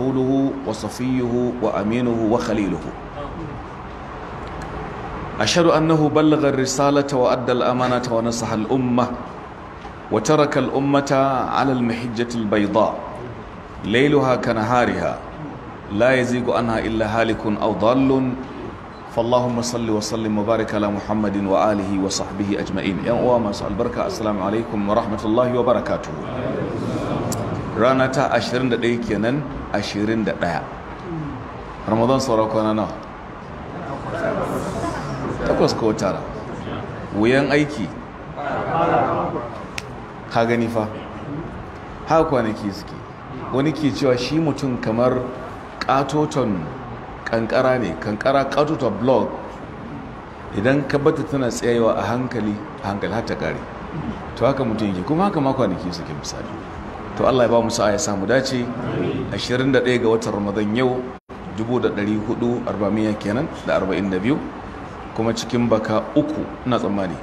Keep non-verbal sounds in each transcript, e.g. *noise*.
rasuluhu wa safiyuhu wa aminuhu wa khaliluhu ashhadu annahu ballagha ar-risalata wa adda al wa nasaha al-umma wa taraka al-ummata 'ala al-mahijjati al-bayda laylaha kanahariha anha illa halikun aw dallun فاللهم صل وسلم وبارك على محمد وآله وصحبه أجمعين يا أمة البركة السلام عليكم ورحمة الله وبركاته rana ta 21 kenan 21 ramadan sauran kwana nawa takwas ko tara wuyan aiki ka gani fa haka kwanaki suke wani ke cewa shi mutum kamar katoton kankara ne kankara katoton blog idan ka bata tana tsayawa a hankali a hankali har ta kare to haka mutum yake kuma haka ma kwanaki suke misali to Allah ya ba mu sa'a ya samu dace 21 ga watan Ramadan yau 1440 kenan da 42 kuma cikin baka uku na tsammani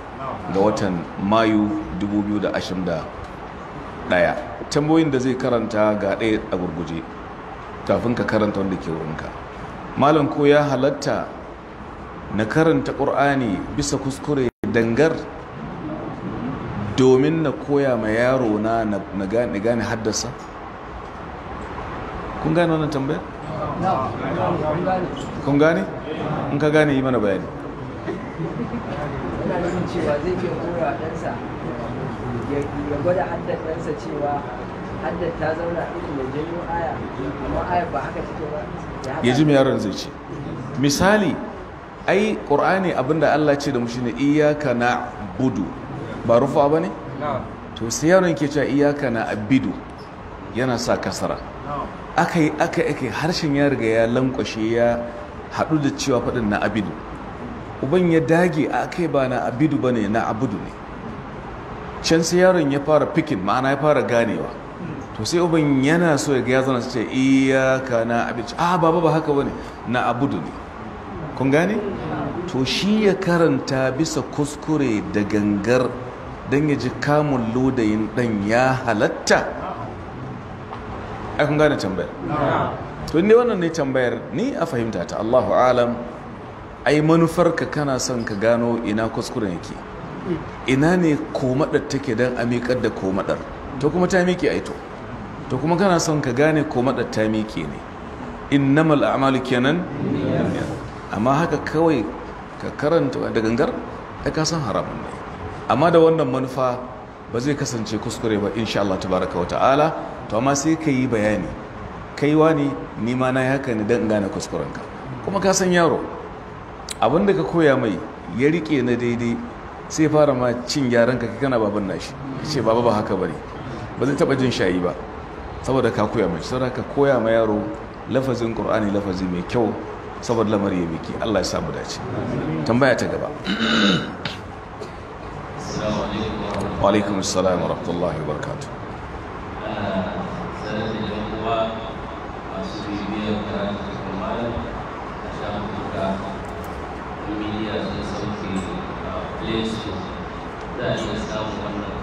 ga watan Mayu 2021 tambayoyin da zai karanta ga ɗaya a gurguje kafin ka karanta wanda ke wurinka malam ko ya halatta na karanta ƙur'ani bisa kuskure dangar domin na koya ma yaro na na gane haddasa kun gane wannan tambaya? kun gane? in ka gane yi mana bayani ya cewa ta zauna irin janyo aya ya ji yaron zai ce misali ai ƙur'ani abinda Allah ce da mu ka na budu. ba rufa ba ne? to sai yaron ke cewa iyaka na abidu yana sa kasara aka yi aka yi harshen ya riga ya lankwashe ya haɗu da cewa faɗin na abidu uban ya dage a kai ba na abidu ba ne na abudu ne can sai yaron ya fara fikin ma'ana ya fara ganewa to sai uban yana so ya gaya zana su ce iyaka na abidu a ah, baba ba haka ba ne na abudu ne kun gane to shi ya karanta bisa kuskure da gangar don ya ji kamun ludayin ɗan ya halatta aikun gane tambayar to ne wannan ne tambayar ni a fahimta ta allahu alam ai manufarka kana son ka gano ina kuskuren yake ina ne komadar take don a da komadar to kuma ta miƙe aito to kuma kana son ka gane komadar ta miƙe ne innamal a'malu kenan amma haka kawai ka karanta da gangar ka kasan haramun amma da wannan manufa ba zai kasance kuskure ba insha Allah tabaraka wata'ala to amma sai ka yi bayani kaiwa ne ni ma na haka ne dan gane kuskurenka kuma ka san yaro abin da ka koya mai ya rike na daidai sai fara ma cin yaran ka kana baban nashi ce baba ba haka bane ba zai taba jin shayi ba saboda ka koya mai saboda ka koya ma yaro lafazin qur'ani lafazi mai kyau saboda lamari ya biki Allah ya samu dace tambaya ta gaba السلام عليكم ورحمة الله وبركاته. وعليكم السلام ورحمة الله وبركاته سألت الأخوة السورية كانت كمال عشان تبقى الميديا تسوي بلاي ستور دائما سامو أنك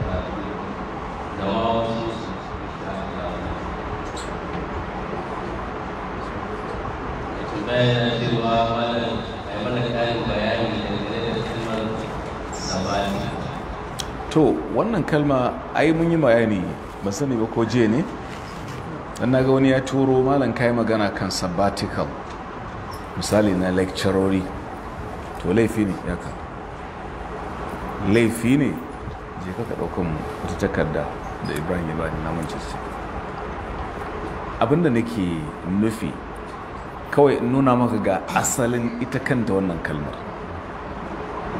دواء bayan cewa wannan kalma ai mun yi bayani ba sani ba ko je ne dan naga wani ya turo malam kai magana kan sabbatical misali na lecturori to laifi ne ya ka laifi ne je ka ka wata takarda da Ibrahim ya bani na Manchester abinda nake nufi kawai nuna maka ga asalin ita kanta wannan kalmar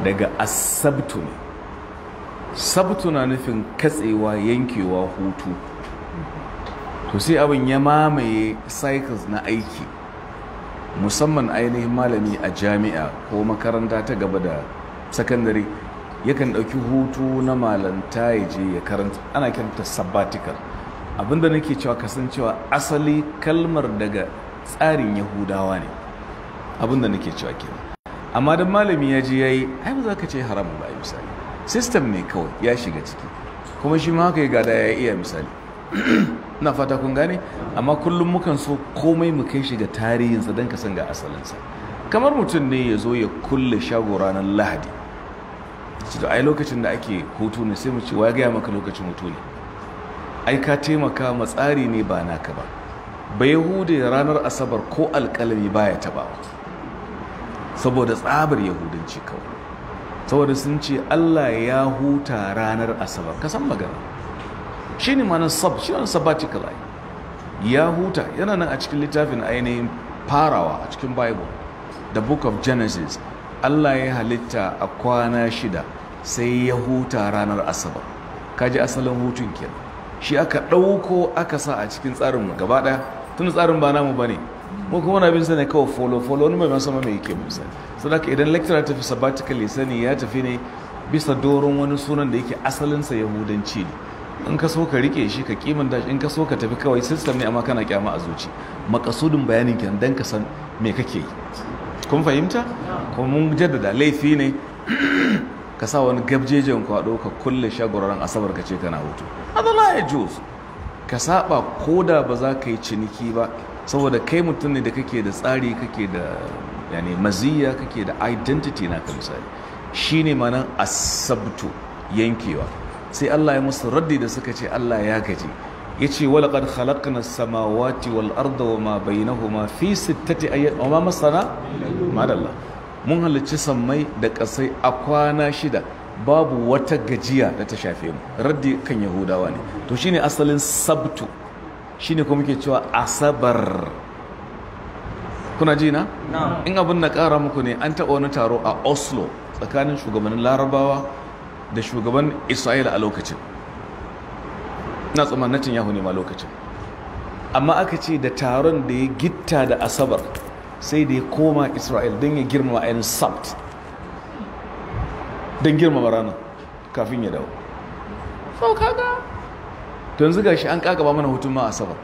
daga asabtu ne sabtu na nufin katsewa yankewa hutu to sai abin ya mamaye cycles na aiki musamman ainihin malami a jami'a ko makaranta ta gaba da sakandare yakan ɗauki hutu na malanta ya je ya karanta ana kiranta sabbatical abinda nake cewa kasancewa asali kalmar daga tsarin yahudawa ne abinda nake cewa kenan amma don malami ya je ya yi ai za ka ce haram ba misali system ne kawai ya shiga ciki kuma shi ma haka ya gada ya iya misali *clears throat* na fata kun gane amma kullum mukan so komai mu kai shiga tarihinsa don ka san ga asalinsa kamar mutum ne ya zo ya kulle shago ranar lahadi to ai lokacin da ake hutu ne sai mu ce wa gaya maka lokacin hutu ne ai ka taimaka ma tsari ne ba naka ba ba yahude ranar asabar ko alkalami baya taba saboda tsabar yahudanci kawai saboda sun ce Allah ya huta ranar asabar ka san magana shi ne manan sab shi wani sabbatical ya huta yana nan a cikin littafin ainihin farawa a cikin bible the book of genesis Allah ya halitta a kwana shida sai ya huta ranar asabar kaji asalin hutun kenan shi aka ɗauko aka sa a cikin tsarin gaba ɗaya tun tsarin ba namu ba ne mu kuma na bin sa ne kawai follow follow wani mai masu mai yake musa sadaka idan lecturer tafi sabbatical ya sani ya tafi ne bisa doron wani sunan da yake asalinsa yahudanci ne in ka so ka rike shi ka kiman dashi in ka so ka tafi kawai system ne amma kana kyama a zuci makasudin bayanin kenan dan ka san me kake yi kun fahimta kuma mun jaddada laifi ne *clears throat* ka sa wani gabjejen kwado ka kulle shagwararren asabar ka ce kana hutu adala ya juz ka saba koda ba za ka yi ciniki ba saboda kai mutum ne da kake da tsari kake da yani maziya kake da identity na misali shine manan asabtu yankewa sai Allah ya musu raddi da suka ce Allah ya gaji ya yace wala qad khalaqna samawati wal arda wama ma fi sittati wa ma masana madalla mun halarci sammai da kasai a kwana shida babu wata gajiya da ta shafe mu raddi kan yahudawa ne to shine asalin sabtu shine kuma muke cewa asabar kuna ji na in abin na kara muku ne an taɓa wani taro a oslo tsakanin shugabannin larabawa da shugaban isra'ila a lokacin na tsammanin yahu ne ma lokacin amma aka ce da taron da ya gitta da asabar sai da ya koma isra'il don ya girmama ayin sabt don girmama ranar kafin ya dawo to yanzu gashi an kakaba mana hutun ma asabar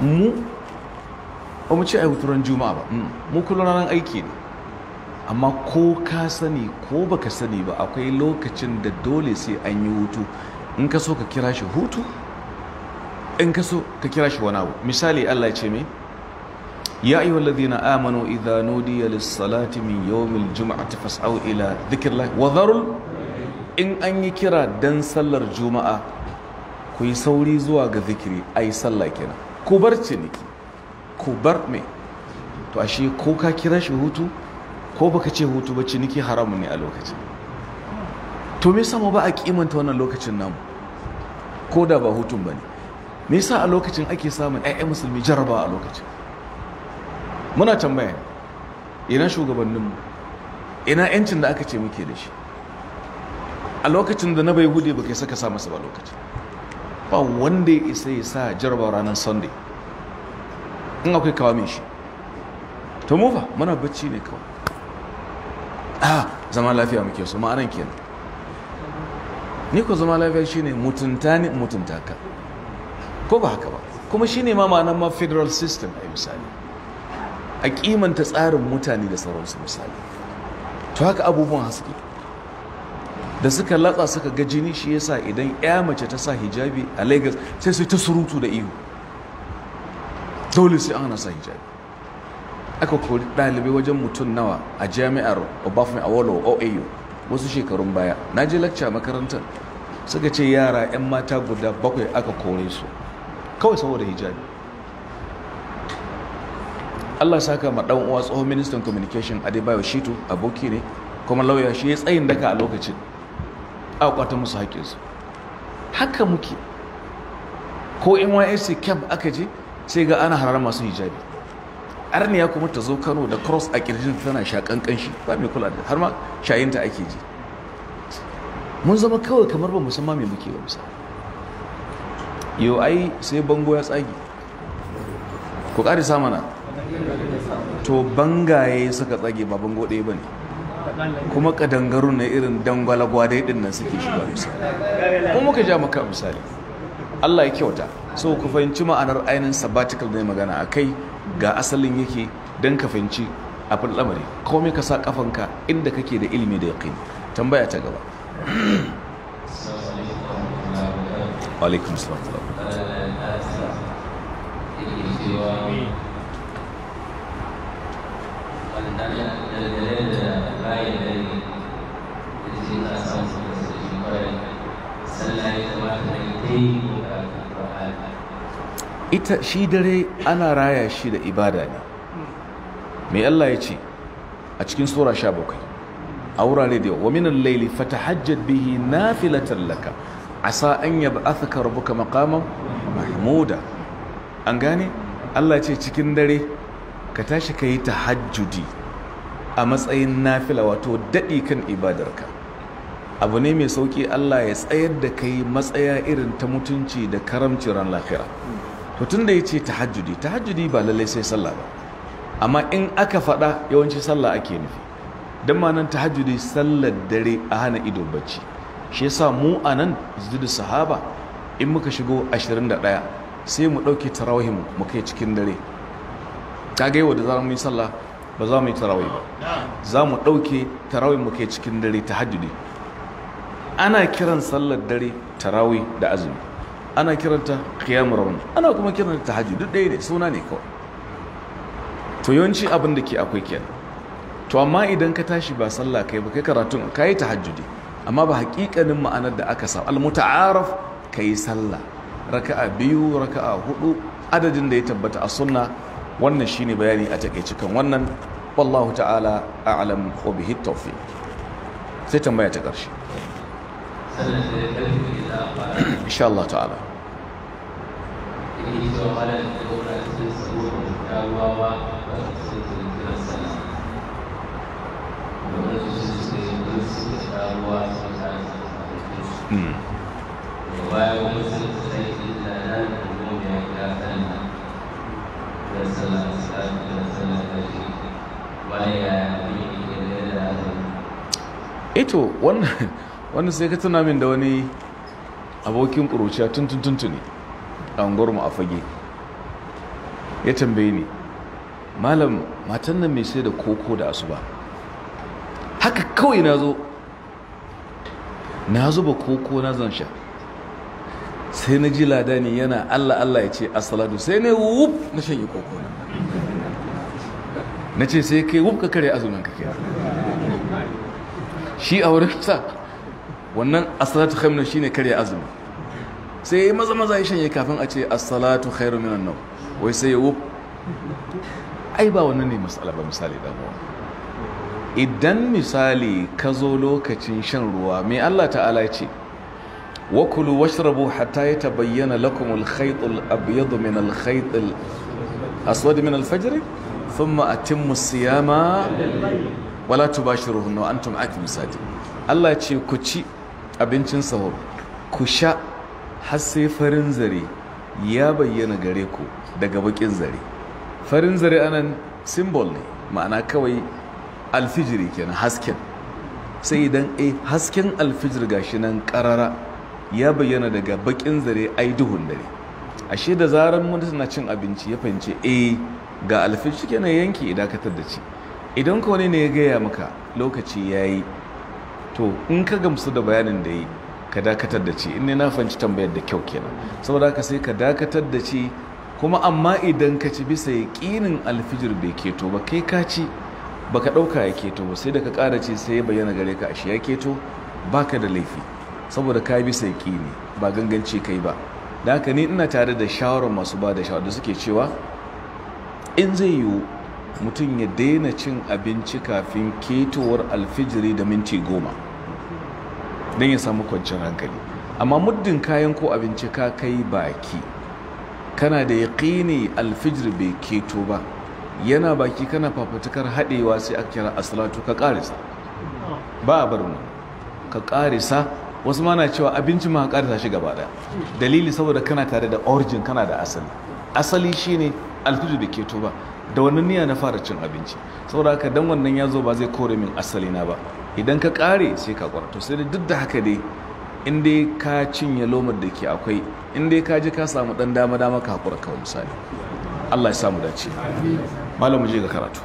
mu ba mu a hutun juma ba mm. mu kullum ranar aiki ne amma ko ka sani ko baka sani ba akwai lokacin da dole sai an yi hutu in ka so ka kira shi hutu in ka so ka kira shi wani abu misali Allah ce me ya ayyuha alladhina amanu idha nudiya lis-salati min yawmil jum'ati fas'au ila dhikrillah wa in an yi kira dan sallar juma'a ku yi sauri zuwa ga zikiri a yi sallah kenan ku bar ciniki ku bar me to a shi ko ka kira shi hutu ko baka ce hutu ba ciniki haramun ne a lokacin to me sama mu ba a kimanta wannan lokacin namu ko da ba hutun ba ne me yasa a lokacin ake samun ƴaƴan musulmi jaraba a lokacin muna tambaya ina shugabanninmu ina yancin da aka ce muke da shi a lokacin da na bai hude ba kai saka sa masa ba lokacin ba wanda ya isa ya sa jarabar ranar sunday in akwai kawo shi to mufa muna bacci ne kawai ah zama lafiya muke su ma'anan kenan ni ko zama lafiya shine mutunta ne mutunta ka ko ba haka ba kuma shine ma ma'anan ma federal system a misali a kimanta tsarin mutane da sauransu misali to haka abubuwan haske da suka latsa suka ga jini shi yasa idan ya mace ta sa hijabi a lagos sai su ta surutu da ihu dole sai ana sa hijabi aka kori ɗalibai wajen mutum nawa a jami'ar obafin awolo oau wasu shekarun baya na ji lakca makarantar suka ce yara 'yan mata guda bakwai aka kore su kawai saboda hijabi allah saka ma ɗan uwa tsohon ministan communication adebayo shitu aboki ne kuma lauya shi ya tsayin daka a lokacin a kwata musu haƙinsu haka muke ko nysc camp aka je sai ga ana harar masu hijabi arniya kuma ta zo kano da cross a kirjin tana sha kanshi ba mai kula da har ma shayinta ake ji mun zama kawai kamar ba musamman mai muke ba musa yau ai sai bango ya tsage ku ƙari samana to bangaye suka tsage ba bango ɗaya ba ne kuma kadangaru na irin dangwalagwadai din nan suke shiga misali kuma muka ja maka misali Allah ya kyauta so ku fahimci ma'anar ainihin sabbatical da magana a kai ga asalin yake don ka fahimci abin lamari kome ka sa kafanka inda kake da ilimi da yaƙin tambaya ta gaba alaikum ita shi dare ana raya shi da ibada ne mai Allah ya ce a cikin sura sha bakwai a wurare da yawa minan laili fata hajjar bihi na filatan laka a sa'an yaba athaka ka makaman mahmuda an gane Allah ce cikin dare ka tashi ka yi ta hajjudi a matsayin nafila wato daɗi kan ibadarka abu ne mai sauƙi Allah ya tsayar da kai matsaya irin ta mutunci da karamci ran lafiya to tun da ya ce tahajjudi tahajjudi ba lallai sai sallah ba amma in aka faɗa yawanci sallah ake nufi don ma nan tahajjudi sallar dare a hana ido bacci shi yasa mu a nan da sahaba in muka shigo 21 sai mu ɗauke tarawihin mu kai cikin dare kaga yau za mu yi sallah ba za mu yi tarawai ba za mu ɗauke tarawai mu kai cikin dare ta hajjudi ana kiran sallar dare tarawai da azumi ana kiranta qiyamul rauni ana kuma ta tahajjud duk ɗaya ne suna ne kawai to yawanci abin da ke akwai kenan to amma idan ka tashi ba sallah kai ba kai karatun ka yi tahajjudi amma ba hakikanin ma'anar da aka samu almuta'araf yi sallah raka'a biyu raka'a hudu adadin da ya tabbata a sunna wannan shine bayani a takeice kan wannan wallahu ta'ala a'lam wa bihi tawfiq sai tambaya ta ƙarshe insha Allah ta'ala Mm. da eh wannan sai ka tuna min da wani abokin ƙuruciya tuntun ne a unguwarmu a fage ya tambaye ni malam matan nan mai sai da koko da asuba haka kawai na zo na zuba koko na zan sha sai na ji ladani yana allah allah ya ce asaladu sai ne wup na shanye koko na na ce sai kai wup ka kare azumin ka shi a wurin sa wannan assalatu khamna shine kare azumi sai yi maza maza ya shanye kafin a ce asalatu khairu minan nau wai sai ya wuf ai ba wannan ne masala ba misali damuwa idan misali ka zo lokacin shan ruwa mai allah ta'ala ce wakulu washrabu hatta ya tabayyana lakum alkhaytul abyadu min alkhaytil aswad min alfajr thumma atimmu siyama wala tubashiruhunna wa antum akim sadi Allah ce ku ci abincin sahur ku sha har sai farin zare ya bayyana gare ku daga bakin zare farin zare anan simbol ne ma'ana kawai alfijiri kenan hasken sai idan e hasken alfijir shi nan karara ya bayyana daga bakin zare ai duhun dare ashe da zarar mutum na cin abinci ya fahimci eh ga alfishi kenan yanki idan ka da ci idan ka wani ne ya gaya maka lokaci ya yi to in ka gamsu da bayanin da yi ka dakatar da ci in ne na fahimci tambayar da kyau kenan saboda haka sai ka dakatar da ci kuma amma idan ka ci bisa yaƙinin alfijir bai keto ba kai ka ci baka ɗauka ya keto ba sai da ka ƙara ci sai ya bayyana gare ka ashe ya keto baka da laifi saboda ka bi bisa ne ba ganganci kai ba da haka ni ina tare da shawarar masu ba da shawarar da suke cewa in zai yiwu mutum ya daina cin abinci kafin ketowar alfijiri da minti goma don ya samu kwanciyar hankali amma muddin kayan ko abinci ka kai baki kana da yaƙini alfijir bai keto ba yana baki kana fafatukar haɗewa sai aka kira asalatu ka ƙarisa ba a barin ka ƙarisa wasu mana cewa abinci ma ta shi gaba daya dalili saboda kana tare da origin kana da asali asali shine alfijir da keto ba da wannan niyya na fara cin abinci saboda haka dan wannan ya zo ba zai kore min asali na ba idan ka kare sai ka kwarto sai da duk da haka dai in dai ka cinye lomar da ke akwai in ka ji ka samu ɗan dama dama ka hakura kawai misali Allah ya samu dace malamu je ga karatu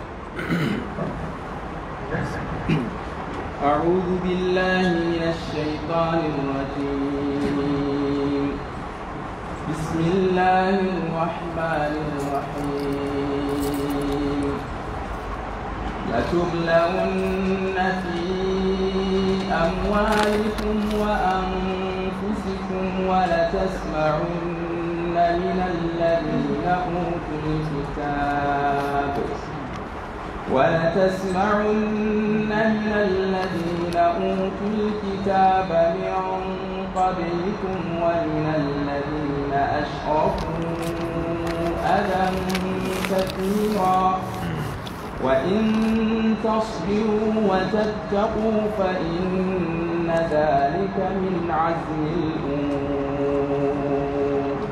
أعوذ بالله من الشيطان الرجيم بسم الله الرحمن الرحيم لتبلغن في أموالكم وأنفسكم ولتسمعن من الذين أوتوا الكتاب ولتسمعن من أوتوا الكتاب من قبلكم ومن الذين أشركوا أذى كثيرا وإن تصبروا وتتقوا فإن ذلك من عزم الأمور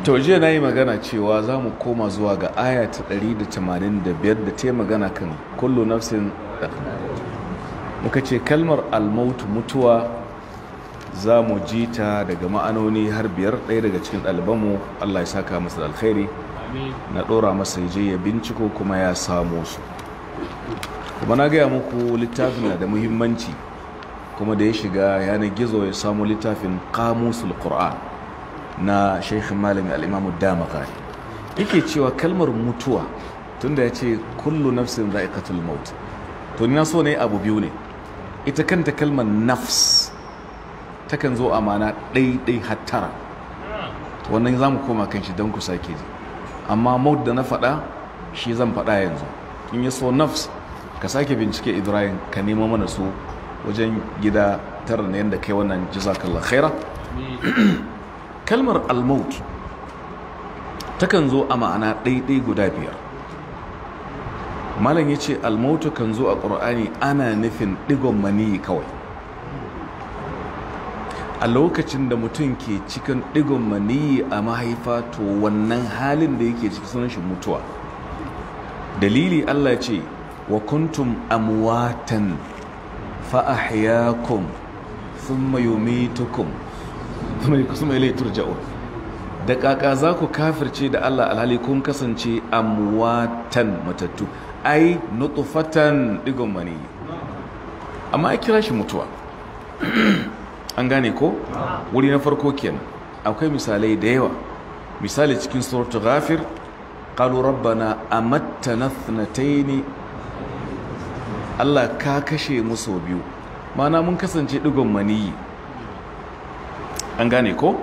to jiya na yi magana cewa za mu koma zuwa ga aya ta 185 da ta yi magana kan kullu nafsin muka ce kalmar almautu mutuwa za mu ji ta daga ma'anoni har biyar ɗaya daga cikin ɗalibanmu allah ya saka masa da alkhairi na ɗora masa ya ya binciko kuma ya samo su kuma na gaya muku littafin na da muhimmanci kuma da ya shiga yanar gizo ya samo littafin kamusul qur'an na shaikhin malami al'imamu damakari yake cewa kalmar mutuwa tunda ya ce kullu nafsin za'iqatul maut to ni na so ne abu biyu ne ita kanta kalmar nafs takan zo a mana ɗaiɗai hattara wannan za mu koma kan shi don ku sake ji amma maud da na faɗa shi zan faɗa yanzu in ya so nafs ka sake bincike ibrahim ka nemo mana su wajen gida tara na yadda kai wannan jazakallah khaira kalmar almaut takan zo a ma'ana ɗaiɗai guda biyar malam ya ce almautu kan zo a ƙur'ani ana nufin ɗigon maniyi kawai a lokacin da mutum ke cikin ɗigon maniyi a mahaifa to wannan halin da yake ciki sunan shi mutuwa dalili allah ce wa kuntum amwatan fa'ahiyakum thumma sun mai laitur da ƙaƙa za ku kafirce da allah alhali kun kasance amwatan matattu ai nutfatan digon mani amma ai kira shi mutuwa *clears throat* an gane ko wuri na farko kenan akwai misalai da yawa misali cikin suratul ghafir qalu rabbana amattana thnatayn Allah ka kashe mu biyu mana mun kasance digon maniyi an gane ko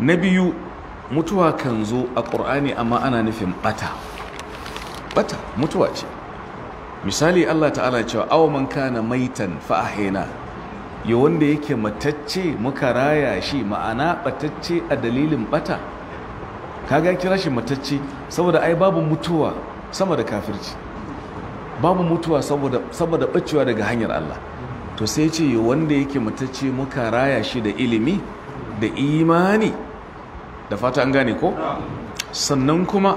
na biyu mutuwa kan zo a ƙur'ani amma ana nufin ɓata tabbata mutuwa ce misali Allah ta'ala cewa awa man kana maitan fa'ahena yi ya wanda yake matacce muka raya shi ma'ana batacce a dalilin bata kaga kira shi matacce saboda ai babu mutuwa sama da kafirci babu mutuwa saboda bacewa daga hanyar Allah to sai ce ya wanda yake matacce muka raya shi da ilimi da imani da fata an gane ko sannan kuma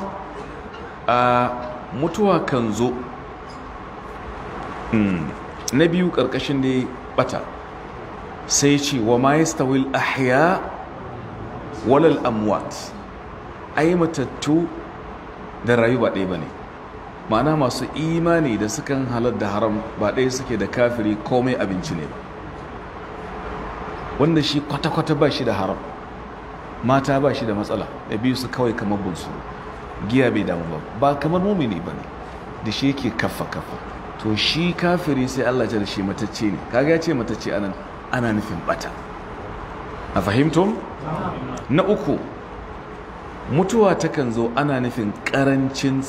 a ah, mutuwa kan zo hmm. na biyu ƙarƙashin da ɓata sai ce wa ma ahya walal amwat ai matattu da rayu ba ɗaya ba ne. ma'ana masu imani da sukan halar da haram ba ɗaya suke da kafiri komai abinci ne ba wanda shi kwata-kwata ba shi da haram mata ba shi da matsala da biyu su kawai kamar bunsuru giya bai damu ba ba kamar mumini ba ne da shi yake kafa kafa to shi kafiri sai Allah ta da shi matacce ne kaga ya ce matacce anan ana nufin bata a fahimtum na uku mutuwa takan zo ana nufin karancin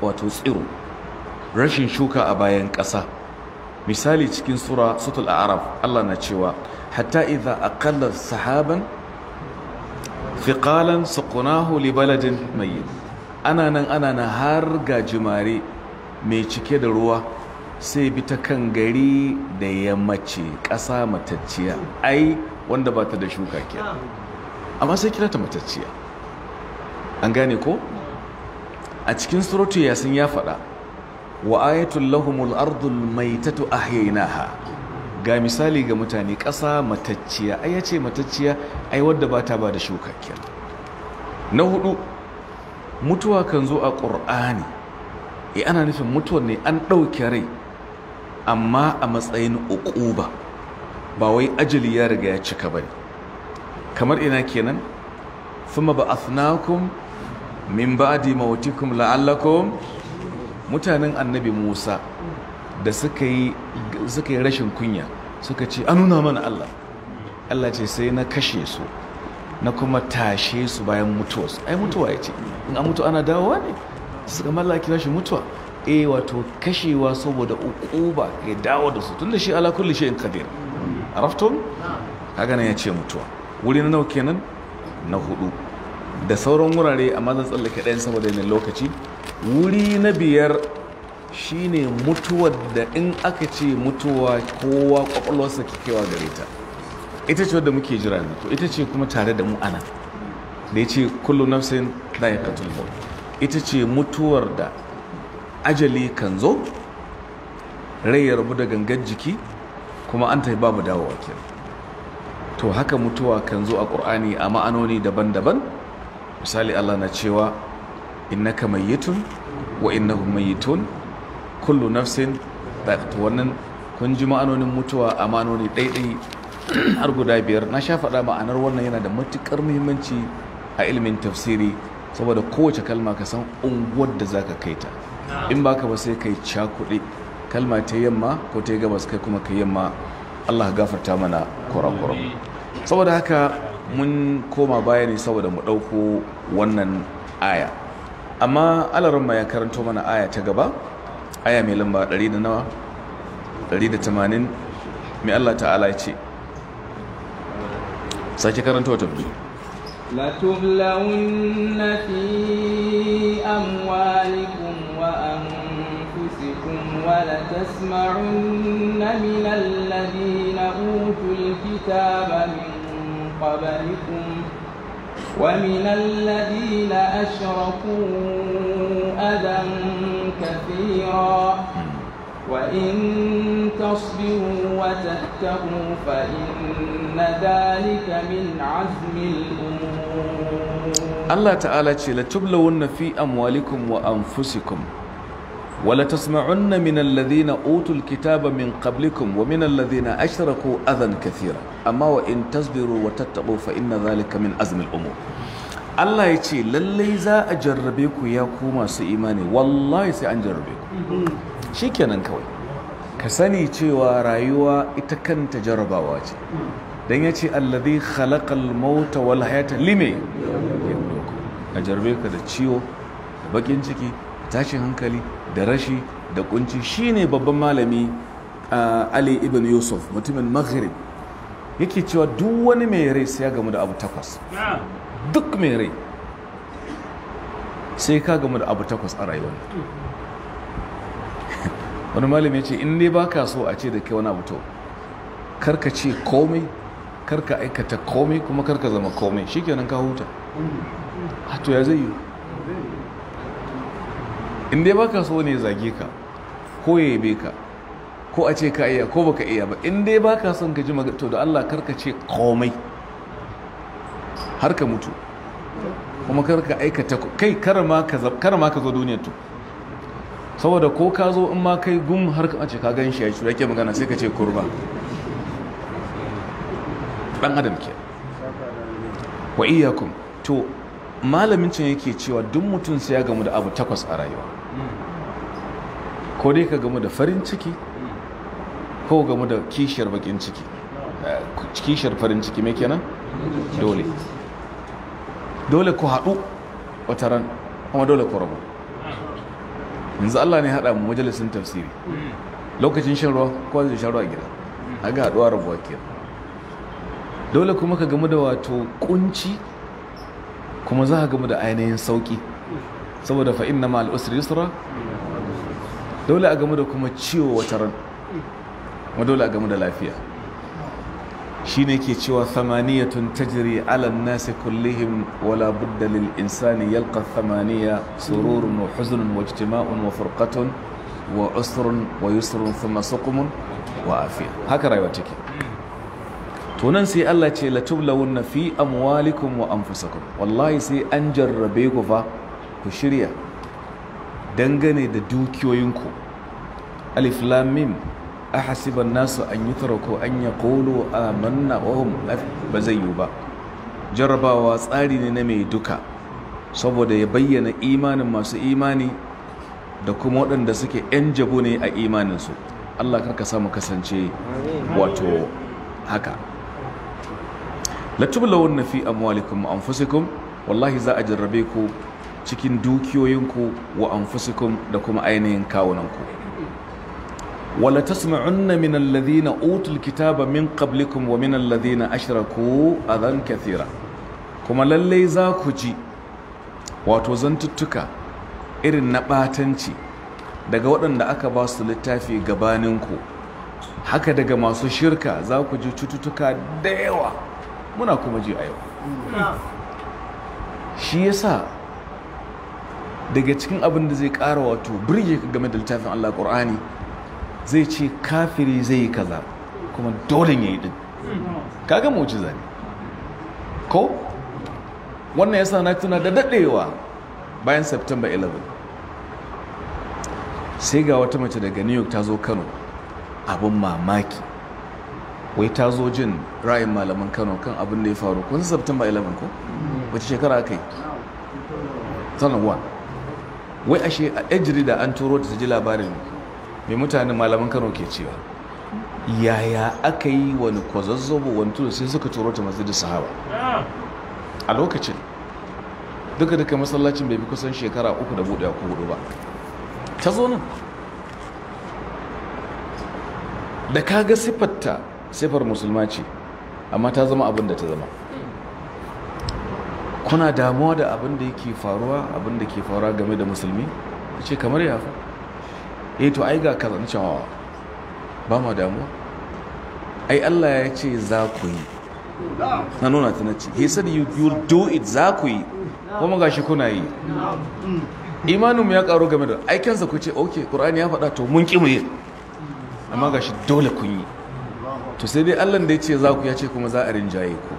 wato tsiro rashin shuka a bayan ƙasa misali cikin sura sutul Arab Allah na cewa hatta a aqalla sahaban thiqalan suqnahu li baladin mayyit ana nan ana nan har gajimare mai cike da ruwa sai bi ta kan gari da yammaci ƙasa matacciya ai wanda ba ta da shuka ke amma sai kira ta matacciya an gane ko a cikin surutu ya sun ya faɗa wa ayatul lahumul ardul maitatu ahyaynaha ga misali ga mutane ƙasa matacciya ai ya ce matacciya ai wadda ba ta ba da shuka ke na hudu mutuwa kan zo a ƙur'ani e ana nufin mutuwar ne an ɗauke rai amma a matsayin uquba ba wai ajali ya riga ya cika ba kamar ina kenan thumma ba'athnakum min ba'di mawtikum la'allakum mutanen annabi Musa da suka yi rashin kunya suka ce an nuna mana Allah Allah ce sai na kashe su na kuma tashe su bayan mutuwarsu ai mutuwa ya ce in an mutu ana dawowa ne kamar mallaki shi mutuwa eh wato kashewa saboda ukuba ya dawo da su tunda shi ala kulli shay'in qadir araftum kaga nan ya ce mutuwa wuri na nawa kenan na hudu da sauran wurare a zan tsallake ɗayan saboda yanayin lokaci wuri na biyar shine mutuwar da in aka ce mutuwa kowa kwakwalwarsa kekewa gare ta ita ce wadda muke jira yanzu to ita ce kuma tare da mu ana da ya ce kullum nafsin za'iqatul maut ita ce mutuwar da ajali kan zo rai ya rabu da gangar jiki kuma an tafi babu dawowa kenan to haka mutuwa kan zo a ƙur'ani a ma'anoni daban-daban misali Allah na cewa innaka mayyitun wa innahum mayyitun kullu nafsin da wannan kun ji ma'anonin mutuwa a ma'anoni ɗaiɗai har guda biyar na sha faɗa ma'anar wannan yana da matuƙar muhimmanci a ilimin tafsiri saboda kowace kalma ka san unguwar da za ka kai ta in ba ka ba sai kai cakuɗe kalma ta yamma ko ta gabas kai kuma ka yamma allah gafarta mana kurakuran saboda haka mun koma baya ne saboda mu ɗauko wannan aya amma alaramma ya karanto mana aya ta gaba aya mai lamba 100 da nawa 180 mai allah ta'ala ya ce sake karanta wata biyu latublaunna fi amwalikum wa anfusikum wa la tasma'unna min alladhina utul kitaba min qablikum wa min alladhina ashraku adan kathira وإن تصبروا وتتقوا فإن ذلك من عزم الأمور الله تعالى لتبلون في أموالكم وأنفسكم ولتسمعن من الذين أوتوا الكتاب من قبلكم ومن الذين أشركوا أذى كثيرا أما وإن تصبروا وتتقوا فإن ذلك من أزم الأمور الله يتي للي زاء جربيكو يا كوما سي إيماني والله سي أن جربيكو shikenan kawai ka sani cewa rayuwa ita kanta jarabawa ce dan yace allazi khalaqal mauta wal hayata lime a jarabe ka da ciwo da bakin ciki da tashin hankali da rashi da kunci shine babban malami Ali ibn Yusuf mutumin Maghrib yake cewa duk wani mai rai sai ya gamu da abu takwas duk mai rai sai ka gamu da abu takwas a rayuwar wani malami ya ce in dai ba ka so a ce da ke wani abu to karka ce komai karka aikata komai kuma karka zama komai shi kenan ka huta a ah, to ya zai yi in dai ba ka so ne zage ka ko ya yabe ka ko a ce ka iya ko baka iya ba in dai ba ka son ka ji magana to da Allah karka ce komai har ka mutu kuma karka aikata kai kar ma ka zo duniyar to saboda ko ka zo in ma kai gum har ka ce ka gan shi ya shi yake magana sai ka ce kurba dan adam ke wa iyakum to malamin can yake cewa duk mutum sai ya gamu da abu takwas a rayuwa ko dai ka gamu da farin ciki ko gamu da kishiyar bakin ciki eh, kishiyar farin ciki mai kenan dole dole ku haɗu wata ran kuma dole ku rabu yanzu Allah ne haɗa mu majalisun tafsiri lokacin shan ruwa ko zai shan ruwa gida a ga haɗuwa rabuwa ke dole kuma ka gamu da wato kunci kuma za ka gamu da ainihin sauƙi saboda fa'in na ma'al usri yusra dole a gamu da kuma ciwo wata ran kuma dole a gamu da lafiya shine ke cewa samaniyatun tajri ala nasi kullihim wala budda lil insani yalqa samaniya sururun wa huzunun wa ijtima'un wa furqatun wa usrun wa yusrun thumma suqumun wa afiya haka rayuwa take to nan sai Allah ce la tublawunna fi amwalikum wa anfusakum wallahi sai an jarrabe ku fa ku shirya dangane da dukiyoyinku alif lam mim ahasiban nasu an yi tarako an ya kolo a manna ohun ba zai yiwu ba jarabawa tsari ne na mai duka saboda ya bayyana imanin masu imani da kuma waɗanda suke 'yan jabo ne a imaninsu allah karka samu kasance wato haka wani na fi amwalikum anfusikum wallahi za a jarrabe ku cikin dukiyoyinku wa anfusikum da kuma ainihin kawunanku wala tasma'unna min alladhina utul kitaba min qablikum wa min alladhina ashraku adan kathira kuma lallai za ku ji wato zantuttuka irin na batanci daga waɗanda aka ba su littafi gabaninku haka daga masu shirka za ku ji cututtuka da yawa muna kuma ji a yau shi yasa daga cikin abin da zai ƙara wato birge game da littafin Allah ƙur'ani. zai ce kafiri zai yi kaza kuma dole ya yi din kaga mu'jiza ne ko wannan yasa na tuna da dadewa bayan september 11 sai ga wata mace daga new york ta zo kano abin mamaki wai ta zo jin ra'ayin malaman kano kan abin da ya faru kun september 11 ko wace shekara aka yi sanar wai ashe a yan da an turo ta ji labarin mai mutanen malaman kano ke cewa yaya aka yi wani kwazazzobo wani tudu sai suka turo ta masjidin sahaba a lokacin duka duka masallacin bai bi kusan shekara uku da buɗe ko hudu ba ta zo nan da ka ga siffarta siffar musulma ce amma ta zama abin da ta zama kuna damuwa da abin da yake faruwa abin da ke faruwa game da musulmi ta ce kamar ya yafa eh to ai ga kazancewa ba ma damuwa ai Allah ya ce za ku yi na nuna ta na ce he said you will do it za ku yi kuma ga shi kuna yi imanin ya karo game da aikinsa ku ce ok ƙur'ani ya faɗa to mun ƙi mu yi amma ga shi dole kun yi to sai dai Allah da ya ce za ku ya ce kuma za a rinjaye ku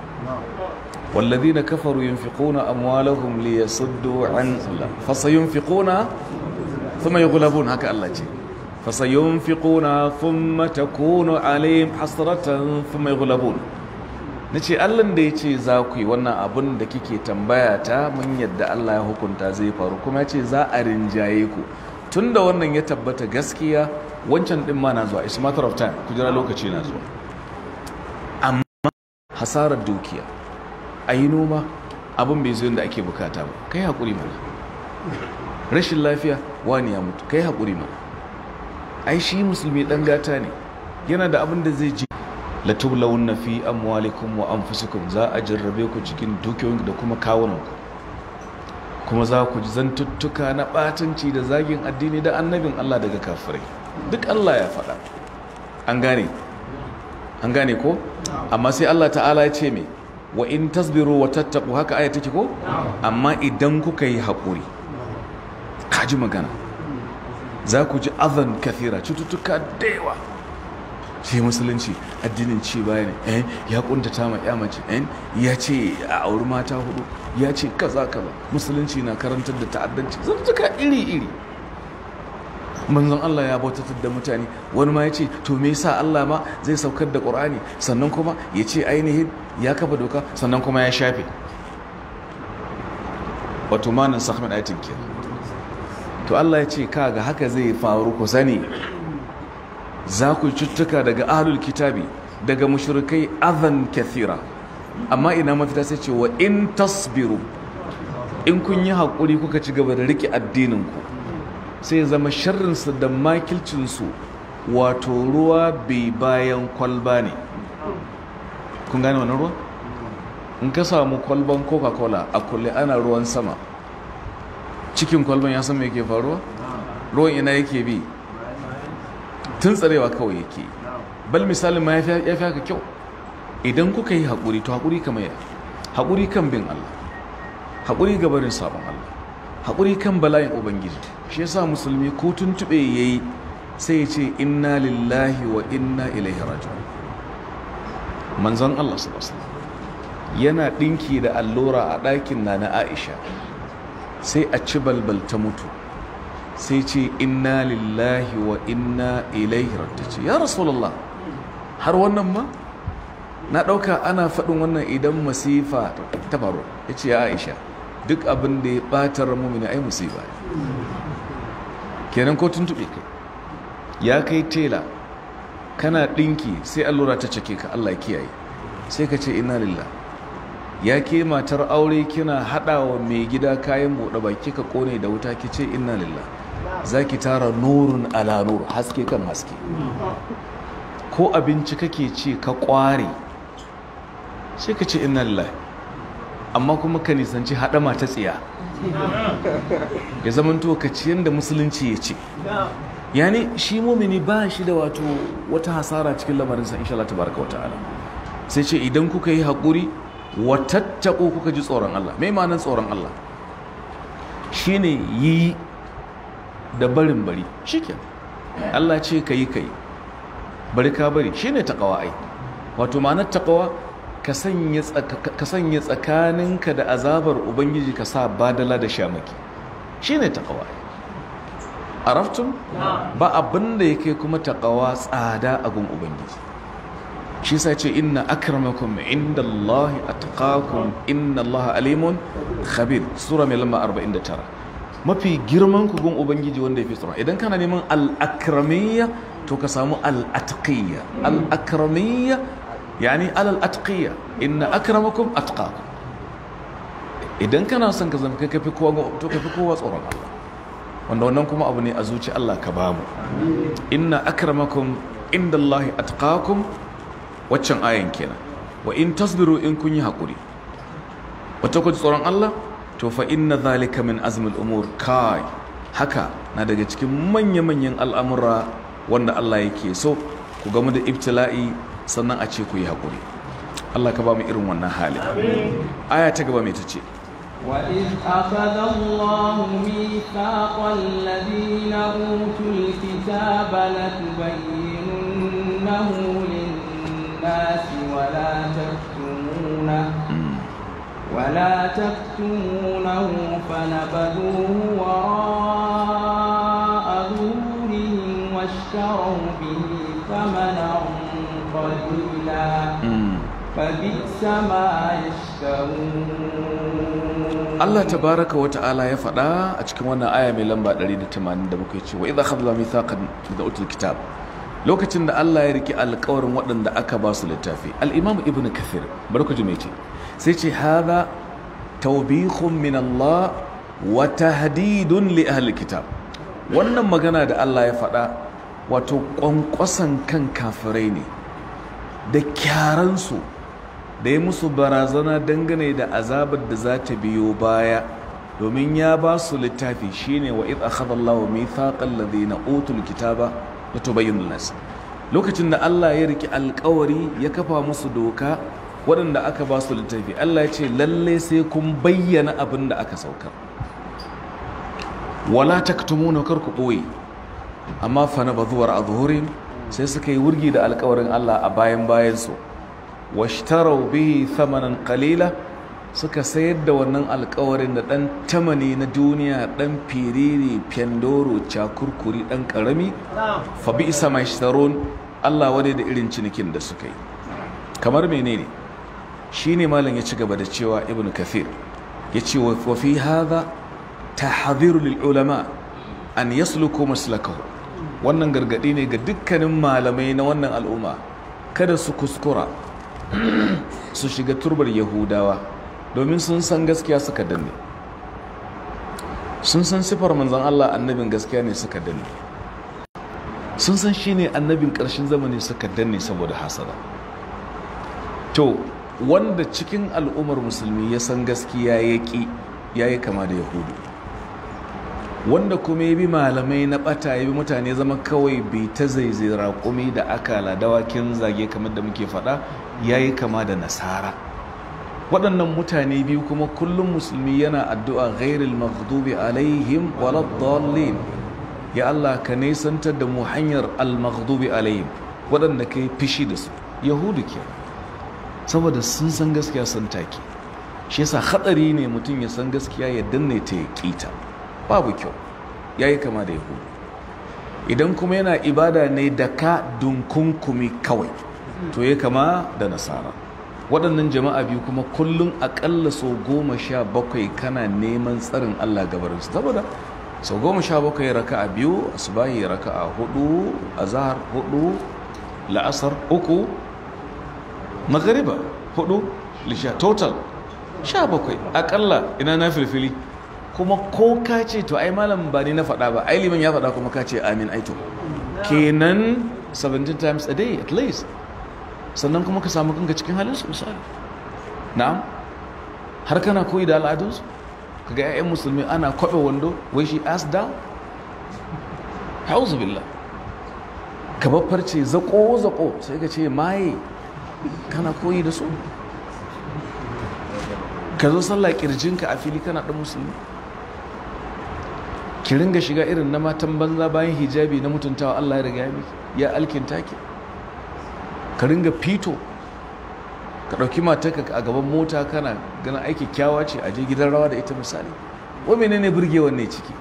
والذين كفروا ينفقون أموالهم ليصدوا عن الله فسينفقون thumma yughlabun haka Allah ce fasayunfiquna thumma takunu alayhim hasratan thumma nace Allah da yace za ku yi wannan abun da kike tambaya ta mun yadda Allah ya hukunta zai faru kuma yace za a rinjaye ku tunda wannan ya tabbata gaskiya wancan din ma na zuwa it's matter of time lokaci na zuwa amma hasarar dukiya ayi noma abun bai zo da ake bukata ba kai hakuri mana rashin lafiya wani ya mutu kai haƙuri ma ai shi musulmi ɗan gata ne yana da abin da zai ji latublawun fi amwalikum wa anfusikum za a jarrabe ku cikin dukiyoyin da kuma kawunanku kuma za ku ji zantuttuka na batanci da zagin addini da annabin Allah daga kafirai duk Allah ya faɗa an gane an gane ko amma sai Allah ta'ala ya ce me wa in tasbiru wa tattaku haka aya take ko amma idan kuka yi haƙuri kaji magana za ku ji azan kathira cututtuka da yawa sai musulunci addinin ci baya ne eh, ya kuntata ma ya mace eh, ya ce a auri mata hudu ya ce kaza kaza musulunci na karantar da ta'addanci zartuka iri iri manzon Allah ya bautatar da mutane wani ma ya ce to me yasa Allah ma zai saukar da Qur'ani sannan kuma ya ce ainihin ya kafa doka sannan kuma ya shafe wato manin sahmin ayatin kenan to Allah ya ce kaga haka zai faru ku sani za ku cuttuka daga ahlul kitabi daga mushrikai adhan kathira amma ina mafita sai ce wa in tasbiru in kun yi haƙuri kuka ci gaba da riƙe addininku sai ya zama sharrinsu da makilcinsu wato ruwa bai bayan kwalba ne kun gane wani ruwa in ka samu kwalban coca-cola a kulle ana ruwan sama cikin kwalban ya san me ke faruwa ruwan ina yake bi tun tsarewa kawai yake bal misalin ma ya fi haka kyau idan kuka yi haƙuri to haƙuri kama ya haƙuri kan bin Allah haƙuri gabarin sabon Allah haƙuri kan bala'in ubangiji shi yasa musulmi ko tuntube ya yi sai ya ce inna lillahi wa inna ilaihi raji'un manzon Allah sallallahu yana ɗinki da allura a ɗakin na na Aisha sai a ci balbal ta mutu sai ce inna lillahi wa inna ilaihi ce. ya rasulallah har wannan ma na ɗauka ana faɗin wannan idan masifa ta faru ya ce ya aisha duk abin da ya ɓatar mumina ai musifa kenan ko tuntuɓe kai ya kai tela kana ɗinki sai allura ta cike ka allah kiyaye sai ka ce inna lillahi ya ke matar aure kina haɗawa mai gida kayan buɗe baki ka kone da wuta ki ce inna lillah za ki tara nurun ala nur haske kan haske ko abinci kake ce ka kware sai ka ce inna lillah amma kuma ka nisanci haɗama mata tsiya ya to ka ci yadda musulunci ya ce yani shi mumini ba shi da wato wata hasara cikin lamarinsa insha Allah tabaraka wa ta'ala sai ce idan kuka yi haƙuri wa kuka ji tsoron Allah mai ma'anar tsoron Allah shine yi da barin bari shiken Allah ce ka yi ka yi bari ka bari shine taqwa ai wato ma'anar taqwa ka sanya tsakaninka da azabar ubangiji ka sa badala da shamaki shine taqwa ai araftum ba abin da yake kuma taqwa tsada a gun ubangiji shi sa ce inna akramakum inda Allah atqakum inna Allah alimun khabir sura mai lamba 49 mafi girman kugun ubangiji wanda ya fi tsoron idan kana neman al'akramiyya to ka samu al'atqiyya al'akramiyya yani al'atqiyya inna akramakum atqakum idan kana son ka zama kai kowa to kafi kowa tsoron Allah wanda wannan kuma abu ne a zuci Allah ka bamu inna akramakum inda Allah atqakum waccan ayan kenan wa in tasbiru in kun yi haƙuri wata ku tsoron Allah to fa inna zalika min azmul umur kai haka na daga cikin manya-manyan al'amura wanda Allah yake so ku gamu da ibtila'i sannan a ce ku yi haƙuri Allah ka ba mu irin wannan hali aya ta gaba mai ta ce وإذ أخذ الله ميثاق الذين أوتوا الكتاب لتبيننه للناس ولا تكتمونه ولا تكتمونه فنبذوه وراء ظهورهم واشتروا به ثمنا قليلا فبئس ما يشترون Allah wa ta'ala ya faɗa a cikin wannan aya mai lamba da 187 ce wa idza khadha mithaqan da utul kitab lokacin da Allah ya riki alkawarin waɗanda aka ba su littafi al-Imam Ibn Kathir bari ku ce sai ce hadha tawbihun min Allah wa tahdidun li ahli kitab wannan magana da Allah ya faɗa wato kwankwasan kan kafirai ne da kyaransu da ya musu barazana dangane da azabar da za ta biyo baya domin ya ba su littafi shine wa idh akhadha Allahu mithaqal ladina utul kitaba da lokacin da Allah ya riki alkawari ya kafa musu doka waɗanda aka ba su littafi Allah ya ce lalle sai kun bayyana abin da aka saukar wala taktumuna kar ku ɓoye. amma fa na bazuwar zuhurin sai suka yi wurgi da alkawarin Allah a bayan bayan su washtaraw bihi thamanan qalila suka sayar da wannan alkawarin da ɗan tamani na duniya ɗan firiri fiyandoro cakurkuri ɗan ƙarami fabi isa mai allah wadai da irin cinikin da suka yi kamar menene shi ne malam ya ci gaba da cewa ibn kafir ya ce wa fi haza ta hadiru ulama an yasluku maslakahu wannan gargadi ne ga dukkanin malamai na wannan al'umma kada su kuskura *clears throat* su shiga turbar yahudawa domin sun san gaskiya suka danne sun san sifar manzan Allah annabin gaskiya ne suka danne sun san shi ne annabin ƙarshen zamani suka danne saboda hasada to wanda cikin al'ummar musulmi ya san gaskiya ya ƙi ya yi kama da yahudu wanda kuma ya bi malamai na ɓata ya bi mutane zama kawai bai ta zaizai raƙumi da akala dawakin zage kamar da muke faɗa ya yi kama da nasara waɗannan mutane biyu kuma kullum musulmi yana addu'a ghairil maghdubi alaihim waladdallin ya Allah ka nesantar da mu hanyar al alaihim waɗanda ka yi fishi da su yahudu ke saboda sun san gaskiya sun take shi yasa hatsari ne mutum ya san gaskiya ya danne ta ya kita babu kyau ya yi kama da yahudu idan kuma yana ibada ne da ka dunkunkumi kawai to ya kama da nasara waɗannan jama'a biyu kuma kullum aƙalla sau goma sha bakwai kana neman tsarin allah gabarinsu saboda sau goma sha bakwai raka a biyu asubahi raka a hudu azahar hudu la'asar uku magariba hudu lisha total sha bakwai aƙalla ina na filfili kuma ko ka ce to ai malam ba ni na faɗa ba ai liman ya faɗa kuma ka ce amin aito kenan 17 times a day at least sannan kuma ka samu kanka cikin halin su misali na'am har kana koyi da al'adunsu ga 'ya'yan musulmi ana kwaɓe wando wai shi as down hauzu billah ka ce zaƙo zaƙo, sai ka ce maye kana koyi da su ka zo sallah ƙirjinka a fili kana ɗan musulmi ki ringa shiga irin na matan banza bayan hijabi na mutuntawa Allah ya riga ya miki ya alkinta ki ka ringa fito ka ɗauki matarka a gaban mota kana ganin aiki kyawa ce a je gidan rawa da ita misali wa ne burgewa ne ciki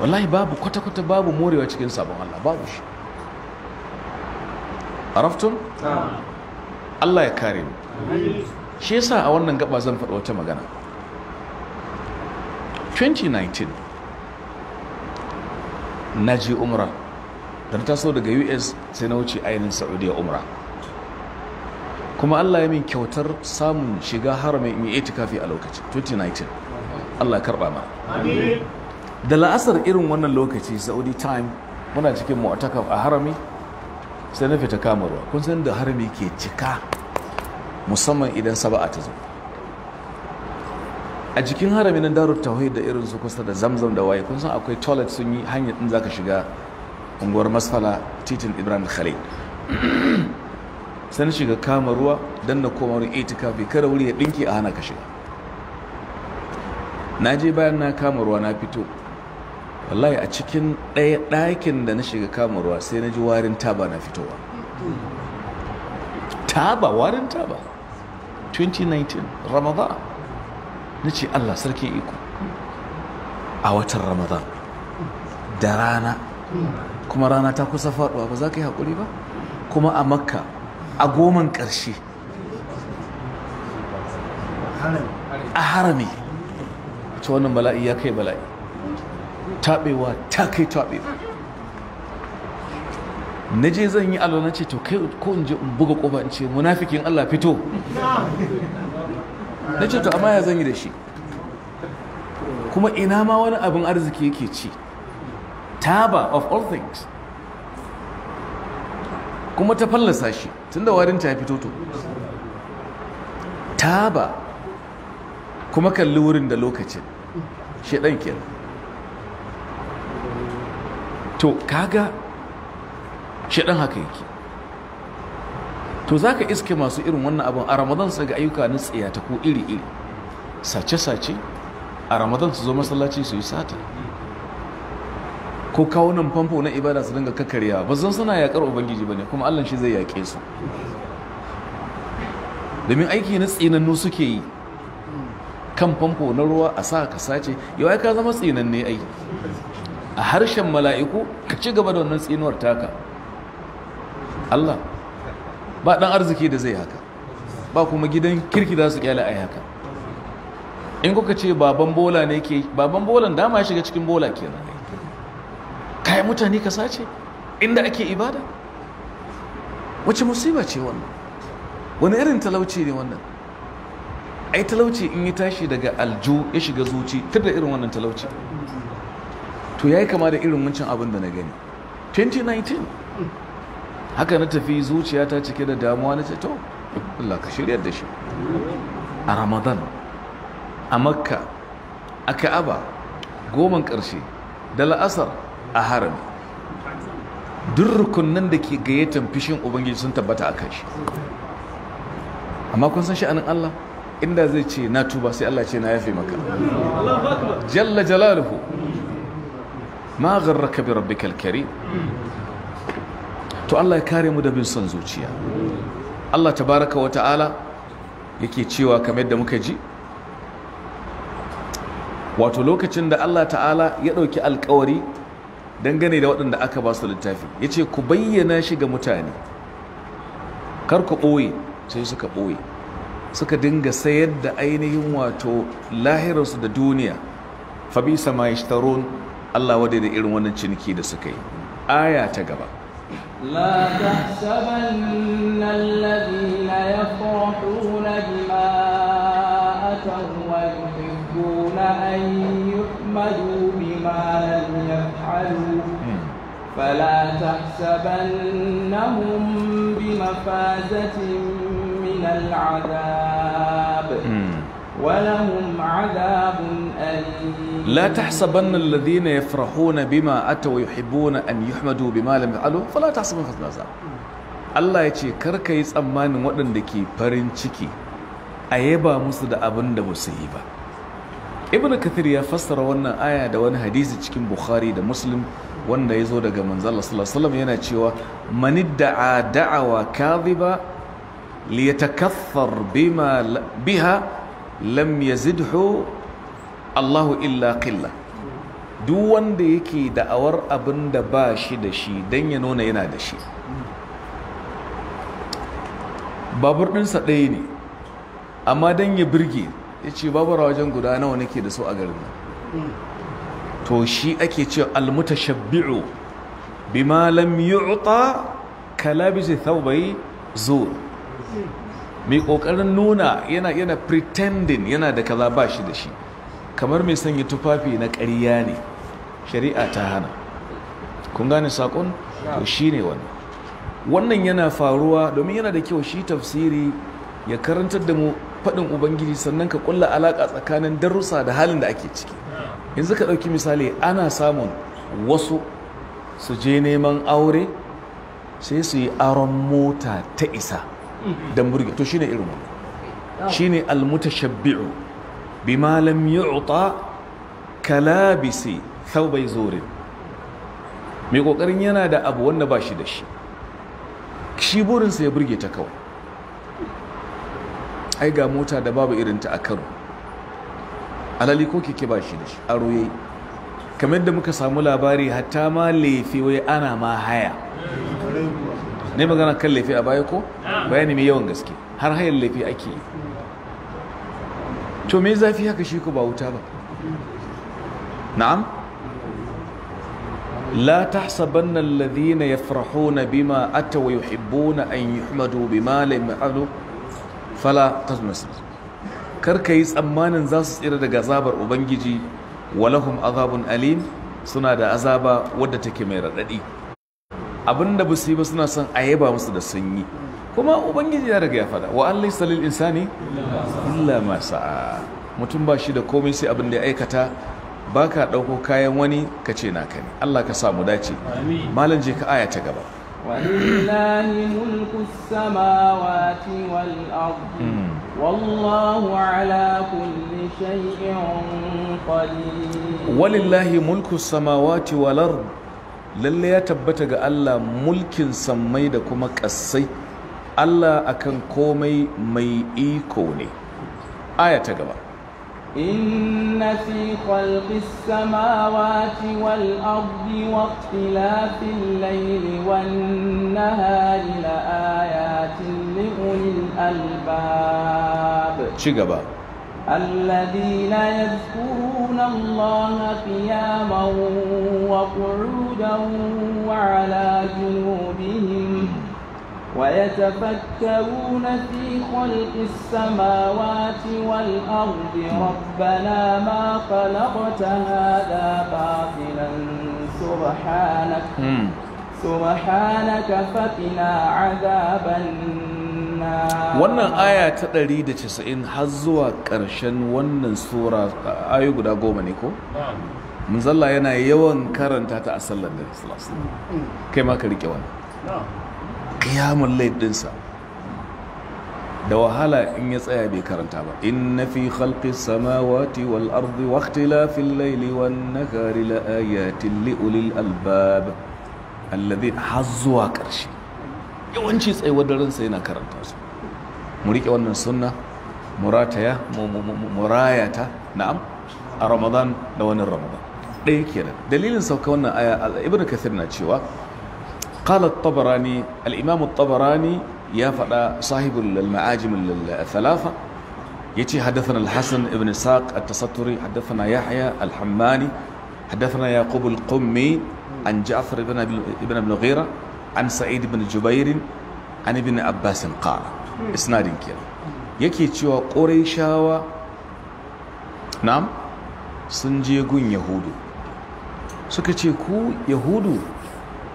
wallahi babu kwata-kwata babu morewa cikin sabon Allah babu shi araftun Allah ya kare mu shi yasa a wannan gaba zan faɗa wata magana 2019 na ji umrah da na taso daga us sai na wuce ainihin saudiya umra kuma allah ya min kyautar samun shiga haramin mai itikafi a lokacin 2019 allah karba ma da la'asar irin wannan lokaci saudi time muna cikin mu'atakaf a harami sai na fita kamarwa kun san da harami ke cika musamman idan saba'a ta zo a jikin harami na darut tauhid da irin su kusa da zamzam da waye kun san akwai toilet sun yi hanyar din zaka shiga unguwar masfala titin ibrahim khalil sai na shiga kama ruwa don na koma wurin itikafi kada wuri ya dinki a hana ka shiga na je bayan na kama ruwa na fito wallahi a cikin ɗaya ɗakin da na shiga kama ruwa sai na ji warin taba na fitowa taba warin taba 2019 ramadan na ce allah sarkin iko a watan ramadan da rana kuma rana ta kusa faɗuwa ba za ka yi haƙuri ba kuma a makka a goman ƙarshe a harami ta wannan bala'i ya kai bala'i taɓewa ta kai taɓewa na je zan yi alwana ce to kai ko in je in buga ƙofa in ce munafikin Allah fito na ce to amma ya zan yi da shi kuma ina ma wani abin arziki yake ci taba of all things kuma ta fallasa shi warin warinta ya fito to taba kuma kalli wurin da lokacin shedan ke to kaga shedan haka yake to za ka iske masu irin wannan abin a ramadan su ga ayyuka na ta ko iri-iri sace-sace a ramadan su zo masallaci su yi sata ko kawo nan famfo na ibada su dinga kakarya ba zan suna yakar ubangiji ba ne kuma allah shi zai yaƙe su domin aiki na tsinannu suke yi kan famfo na ruwa a sa ka sace yau ka zama tsinanne ai a harshen mala'iku ka ci gaba da wannan tsinuwar taka allah ba dan arziki da zai haka ba kuma gidan kirki za su kyale ai haka in kuka ce baban bola ne ke baban bolan dama shiga cikin bola kenan kayan mutane ka sace inda ake ibada wace musiba ce wannan wani irin talauci ne wannan ai talauci in yi tashi daga aljo ya shiga zuci kada irin wannan talauci to ya yi kama da irin wancan abin da na gani 2019 haka na tafi zuciya ta cike da damuwa na ce to Allah ka shirya da shi a ramadan a makka a ka'aba goman ƙarshe da la'asar a harami duk rukunan da ke gayyatan fishin ubangiji sun tabbata a kan amma kun san sha'anin Allah inda zai ce na tuba sai Allah ce na yafe maka jalla jalaluhu ma gharraka bi rabbikal karim to Allah ya kare mu da bin son zuciya Allah tabaraka wa ta'ala yake cewa kamar yadda muka ji wato lokacin da Allah ta'ala ya ɗauki alƙawari. dangane da waɗanda aka ba su littafi ya ce ku bayyana shi ga mutane kar ku ɓoye sai suka ɓoye suka dinga sayar da ainihin wato lahirarsu da duniya fabi sama ya Allah wadai da irin wannan ciniki da suka yi aya ta gaba لا تحسبن الذين يفرحون ما لم يفعلوا فلا تحسبنهم بمفازة من العذاب ولهم عذاب أليم لا تحسبن الذين يفرحون بما أتوا ويحبون أن يحمدوا بما لم يفعلوا فلا تحسبن فضل عذاب Allah ya ce karka yi tsammanin waɗanda ke farin ciki a yaba musu da abin da ba su yi ba ibn kathir ya fassara wannan aya da wani hadisi cikin bukhari da muslim wanda ya zo daga manzala sallallahu yana cewa manidda'a da'awa kadhiba ta bima biha lam yazidhu Allahu illa killa." duk wanda yake da'awar abin da ba shi da shi dan ya nuna yana da shi babur ɗinsa ɗaya ne amma dan ya birge ya ce babura wajen guda nawa nake da su a garin nan to shi ake ce almutashabbi'u bima lam yu'ta kalabisi thawbai zuwa mai kokarin nuna yana yana pretending yana da kaza ba shi da shi kamar mai sanya tufafi na ƙarya ne shari'a ta hana kun gane sakon to shi ne wannan wannan yana faruwa domin yana da kyau shi tafsiri ya karantar da mu faɗin ubangiji sannan ka kulla alaƙa tsakanin darussa da halin da ake ciki yanzu ka ɗauki misali ana samun wasu su je neman aure sai su yi aron mota ta isa Don burge to shine irin shine almutashabbi'u malam ya uta kalabisi thaubai zorin. mai kokarin yana da abu wanda ba shi da shi shi burinsa ya burge ta kawai ai ga mota da babu irinta a karo alali ko keke ba shi da shi a roye kamar da muka samu labari hatta ma laifi wai ana ma haya ne magana kan laifi a baya ko bayani mai yawan gaske har hayar laifi ake yi to me zafi haka shi ko ba wuta ba na'am لا تحسبن الذين يفرحون بما أتوا ويحبون أن يحمدوا بما لم يفعلوا fala tasmasir kar ka yi tsammanin za su tsira daga zabar ubangiji walahum azabun alim suna da azaba wadda take mai raɗaɗi abinda ba su yi ba suna son a yaba musu da sanyi kuma ubangiji ya riga ya fada wa an laisa lil insani illa ma sa'a mutum ba shi da komai sai abin da ya aikata baka dauko kayan wani ka ce naka ne Allah ka sa mu dace malam je ka aya ta gaba ولله ملك السماوات والأرض والله على كل شيء قدير ولله ملك السماوات والأرض lalle ya tabbata ga Allah mulkin sammai da kuma ƙasai Allah akan komai mai iko ne aya ta gaba إن في خلق السماوات والأرض واختلاف الليل والنهار لآيات لأولي الألباب شكبا الذين يذكرون الله قياما وقعودا وعلى جنوبهم ويتفكرون في خلق السماوات والأرض ربنا ما خلقت هذا باطلا سبحانك سبحانك فقنا عذاب النار wannan aya ta 190 har zuwa ƙarshen wannan sura ayu guda goma ne ko Muzalla yana yawan karanta ta a sallar da sallallahu mm. kai ma ka rike wannan ƙiyamun laifinsa da wahala in ya tsaya bai karanta ba in na fi halki samawati wal ardi waktilafin laili wan nahari la ayatin li'ulil albab allazi har zuwa ƙarshe yawanci tsayuwar daransa yana karanta su mu riƙe wannan sunna murataya murayata na'am a ramadan da wani ramadan ɗaya kenan dalilin sauka wannan aya ibnu kathir na cewa قال الطبراني الإمام الطبراني يا فدا صاحب المعاجم الثلاثة يتي حدثنا الحسن بن ساق التستري حدثنا يحيى الحماني حدثنا يعقوب القمي عن جعفر بن ابن ابن غيرة عن سعيد بن جبير عن ابن عباس قال اسناد كده yake cewa ƙorishawa nam sun je gun yahudu suka ce ku yahudu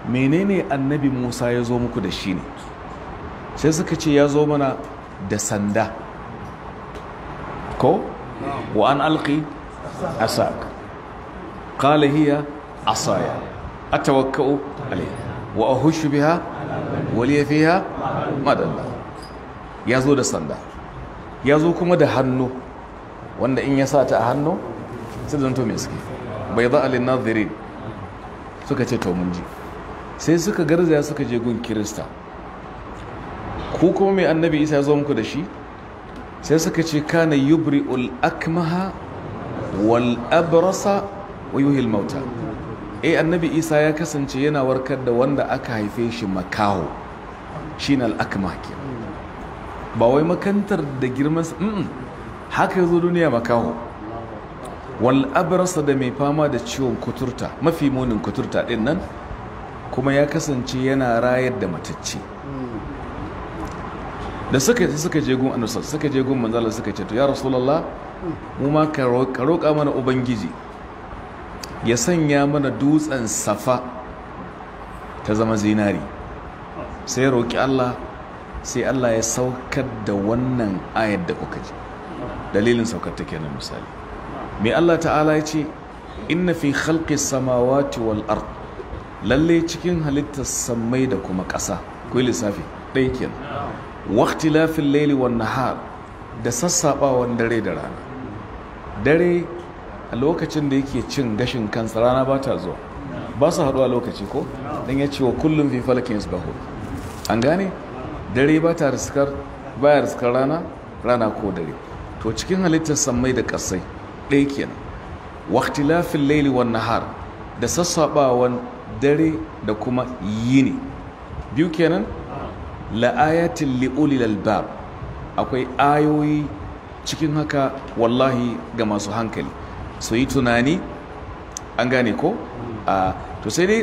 menene annabi musa ya zo muku da shi ne sai suka ce ya zo mana da sanda ko wa an alki asak qala hiya asaya atawakkau alayha wa ahushu biha wa liya fiha madalla ya zo da sanda ya zo kuma da hannu wanda in ya sa ta a hannu sai zanto mai suke bai za'a lin suka ce to mun ji sai suka garzaya suka je gun kirista Ko kuma mai annabi isa zo muku da shi sai suka ce kana yubri ul akmaha wal abrasa wa yuhil mauta eh annabi isa ya kasance yana warkar da wanda aka haife shi makaho na al ke ba wai makantar da girman haka yazo duniya makaho wal abrasa da mai fama da ciwon kuturta mafi munin kuturta din nan kuma ya kasance yana rayar da matacce hmm. da suka suka je gun annabi suka je gun manzala suka ce to ya rasulullah mu ma ka roƙa mana ubangiji ya sanya mana dutsen safa ta zama zinari sai roƙi Allah sai Allah ya saukar da wannan ayar da kuka ji dalilin saukar ta kenan misali mai Allah ta'ala ya ce inna fi khalqis samawati wal ard lalle cikin halittar samai da kuma ƙasa ku lissafi ɗaya kenan wakti lafin laili wa nahar da sassaɓawan dare da rana dare a lokacin da yake cin gashin kansa rana ba ta zuwa ba su haɗu a lokaci ko don ya ce wa kullum fi falakin yasbahu an gane dare ba ta riskar baya riskar rana rana ko dare to cikin halittar samai da ƙasai ɗaya kenan wakti lafin laili wa nahar da sassaɓawan dare da kuma yini biyu kenan la'ayatin li'ulil albab akwai ayoyi cikin haka wallahi ga masu hankali su yi tunani an gane ko a to sai dai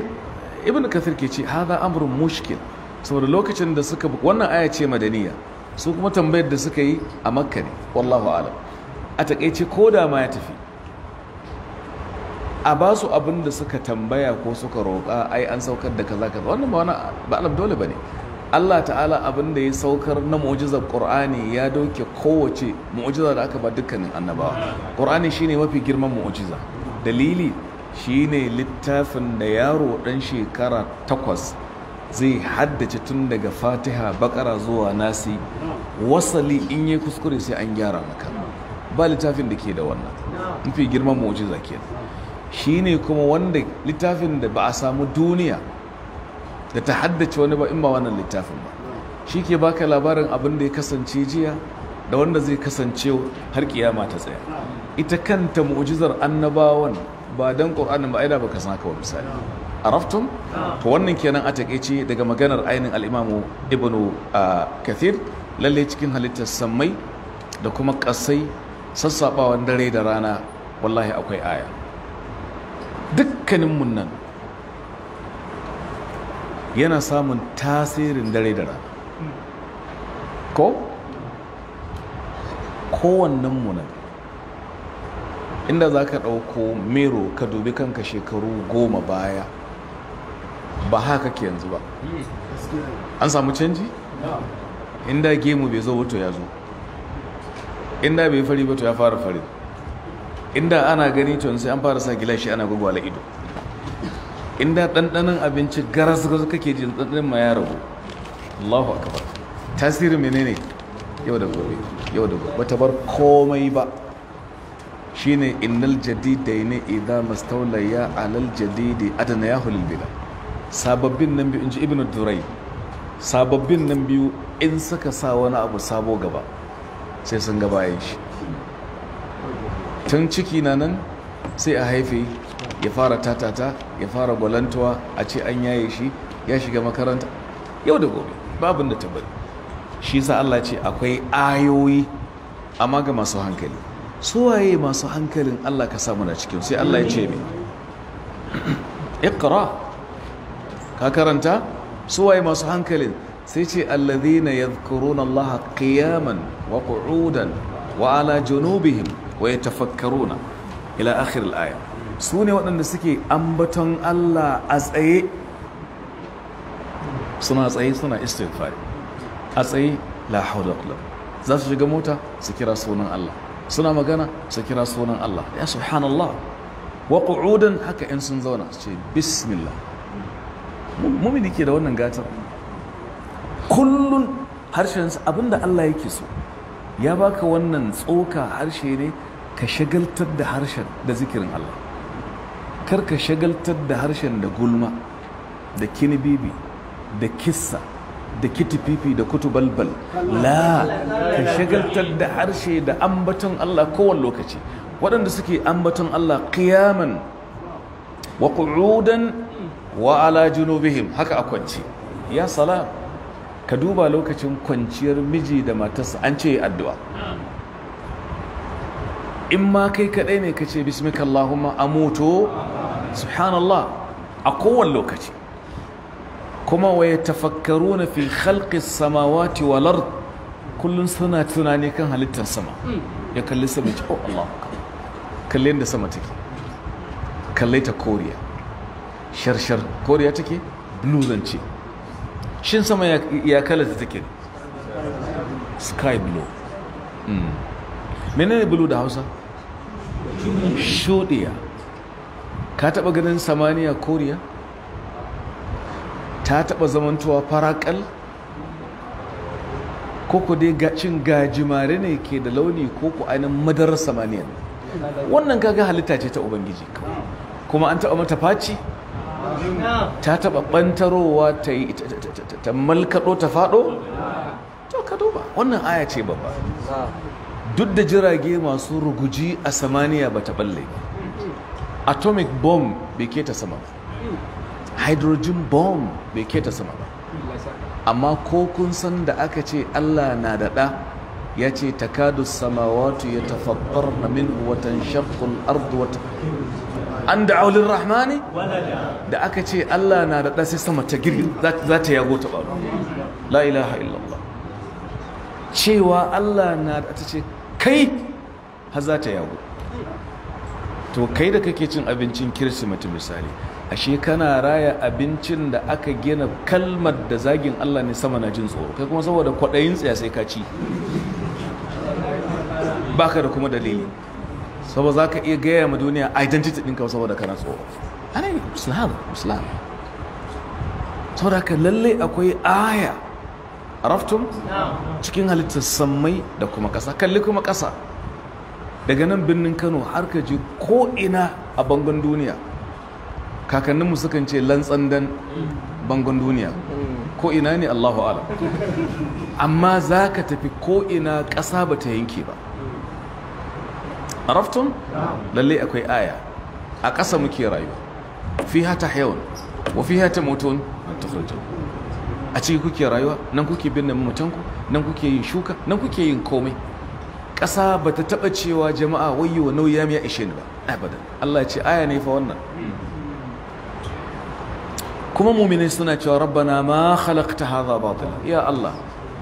ibn kathir ke ce haza amurin mushkil saboda lokacin da suka wannan aya ce madaniya su kuma tambayar da suka yi a makka ne wallahu alam a takaice ko da ma ya tafi a ba su abin da suka tambaya ko suka roƙa ai an saukar da kaza kaza wannan ba wani ba dole bane Allah ta'ala abin da ya saukar na mu'jizar Qur'ani ya doke kowace mu'jiza da aka ba dukkanin annabawa Qur'ani shine mafi girman mu'jiza dalili shine littafin da yaro dan shekara takwas zai haddace tun daga fatiha bakara zuwa nasi wasali in yi kuskure sai an gyara maka ba littafin da ke da wannan mafi girman mu'jiza kenan Shi ne kuma wanda littafin da ba a samu duniya da ta haddace wani ba in ba wannan littafin ba shi ke baka labarin abin da ya kasance jiya da wanda zai kasance har kiyama ta tsaya ita kanta mu'ujizar annabawan ba dan ƙor'anin ba aida ka san haka wa misali raftun to wannan kenan a takaice daga maganar ainin alimamu imamu ibnu kathir lalle cikin halittar sammai da kuma ƙasai, sassabawan dare da rana wallahi akwai aya dukkaninmu nan yana samun tasirin dare da rana ko kowannenmu nan inda za ka ɗauko mero ka dubi kanka shekaru goma baya ba haka ke yanzu ba an samu canji inda gemu bai zo wato ya zo inda bai fari ba to ya fara farin inda ana gani to sai an fara sa gilashi ana ala ido inda ɗanɗanin abinci garas garas kake jin ɗanɗanin ma ya rabu Allahu akbar tasirin menene yau da gobe yau da gobe bata bar komai ba shine innal ne idza ya alal jadidi adana ya hulil bila sababbin nan biyu inji ibnu durai sababbin nan biyu in suka sa wani abu sabo gaba sai sun gabaye shi tun ciki na nan sai a haife ya fara tatata ya fara gwalantuwa a ce an yaye shi ya shiga makaranta yau da gobe babin da tabbari shi sa Allah ce akwai ayoyi amma ga masu hankali su waye masu hankalin Allah ka samu na cikin sai Allah ya ce mai *clears throat* iqra ka karanta su waye masu hankalin sai ce allazina yadhkuruna Allah qiyaman wa qu'udan wa ala junubihim Wai yatafakkaruna ila akhir al-aya su ne waɗanda suke ambaton Allah a tsaye suna tsaye suna istighfari a tsaye la hawla wala za su shiga mota su kira sunan Allah suna magana su kira sunan Allah ya subhanallah wa qu'udan haka in sun zauna su ce bismillah mumini ke da wannan gatar kullun harshen abinda Allah yake so ya baka wannan tsoka harshe ne ka shagaltar da harshen da zikirin Allah kar ka shagaltar da harshen da gulma da kinibibi da kissa da kitififi da kutubalbal la ka shagaltar da harshe da ambaton Allah kowane lokaci waɗanda suke ambaton Allah kiyaman wa qu'udan wa ala junubihim haka a kwance ya salam ka duba lokacin kwanciyar miji da matarsa an ce addu'a in ma kai kaɗai ne ka ce bismika amuto subhanallah a kowane lokaci kuma waye tafakkaru na fi khalqi samawati wal ard kullun suna tunani kan halittar sama ya kalli sama ce oh Allah kalle yadda sama take kalle ta koriya sharshar koriya take blue zance shin sama ya kalar ta take sky blue hmm. menene blue da hausa shudiya ka taba ganin samaniya koriya ta taɓa zamantowa farakal koko dai cin gajimare ne ke da launi koko ainihin madarar samaniya wannan kaga halitta ce ta ubangiji kuma an taba mata faci ta taba taɓa ɓantarowa ta malkaɗo ta faɗo to ka duba wannan aya ce babba duk da jirage masu ruguji a samaniya ba ta balle atomic bomb bai keta sama ba hydrogen bomb bai keta sama ba amma ko kun san da aka ce allah na daɗa ya ce takadu samawatu ya tafattar na min watan shakkun ardu an da aulin rahmani da aka ce Allah na da ɗasai sama ta girbi za ta yago ta ɓaro la ilaha illallah cewa Allah na da ta ce kai har za ta yago to kai da kake cin abincin kirsimati misali ashe kana raya abincin da aka gina kalmar da zagin Allah ne sama na jin tsoro kai kuma saboda kwaɗayin tsaya sai ka ci baka da kuma dalili saboda za ka iya gaya ma duniya identity ɗinka saboda kana tsoro ana yi islam islam saboda ka lalle akwai aya raftum cikin halittar sammai da kuma ƙasa kalli kuma ƙasa daga nan birnin kano har ka ko ko'ina a bangon duniya kakanninmu sukan ce dan bangon duniya ko'ina ne allahu ala amma za ka tafi ina ƙasa ba ta yanke ba araftun Lallai akwai aya a ƙasa muke rayuwa fi hata hayawan wa fi hata motun a ciki kuke rayuwa nan kuke binne mutanku nan kuke yin shuka nan kuke yin komai ƙasa ba ta taɓa cewa jama'a wayyo nauyi ya ishe ni ba Allah ce aya ne fa wannan kuma mumini suna cewa rabbana ma khalaqta hadha batila ya Allah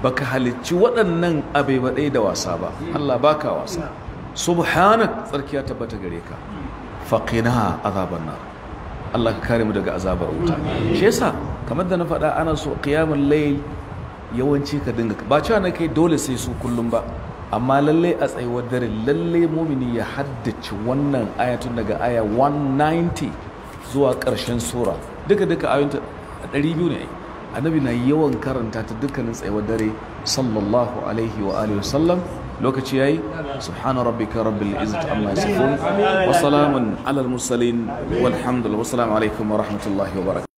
baka halicci waɗannan abai ba da wasa ba Allah baka wasa subhanak tsarkiya ya tabbata gare ka faqina azaban nar Allah ka kare mu daga azabar wuta shi yasa kamar da na faɗa ana so qiyamul layl yawanci ka dinga ba cewa na kai dole sai su kullum ba amma lalle a tsayuwar dare lalle mumini ya haddace wannan ayatun daga aya 190 zuwa ƙarshen sura duka duka ɗari biyu ne annabi na yawan karanta ta dukkanin tsayuwar dare sallallahu alaihi wa alihi lokaci yayi subhana rabbika rabbil izzati amma yasifun wa salamun alal mursalin walhamdulillah wa assalamu alaikum wa rahmatullahi wa barakatuh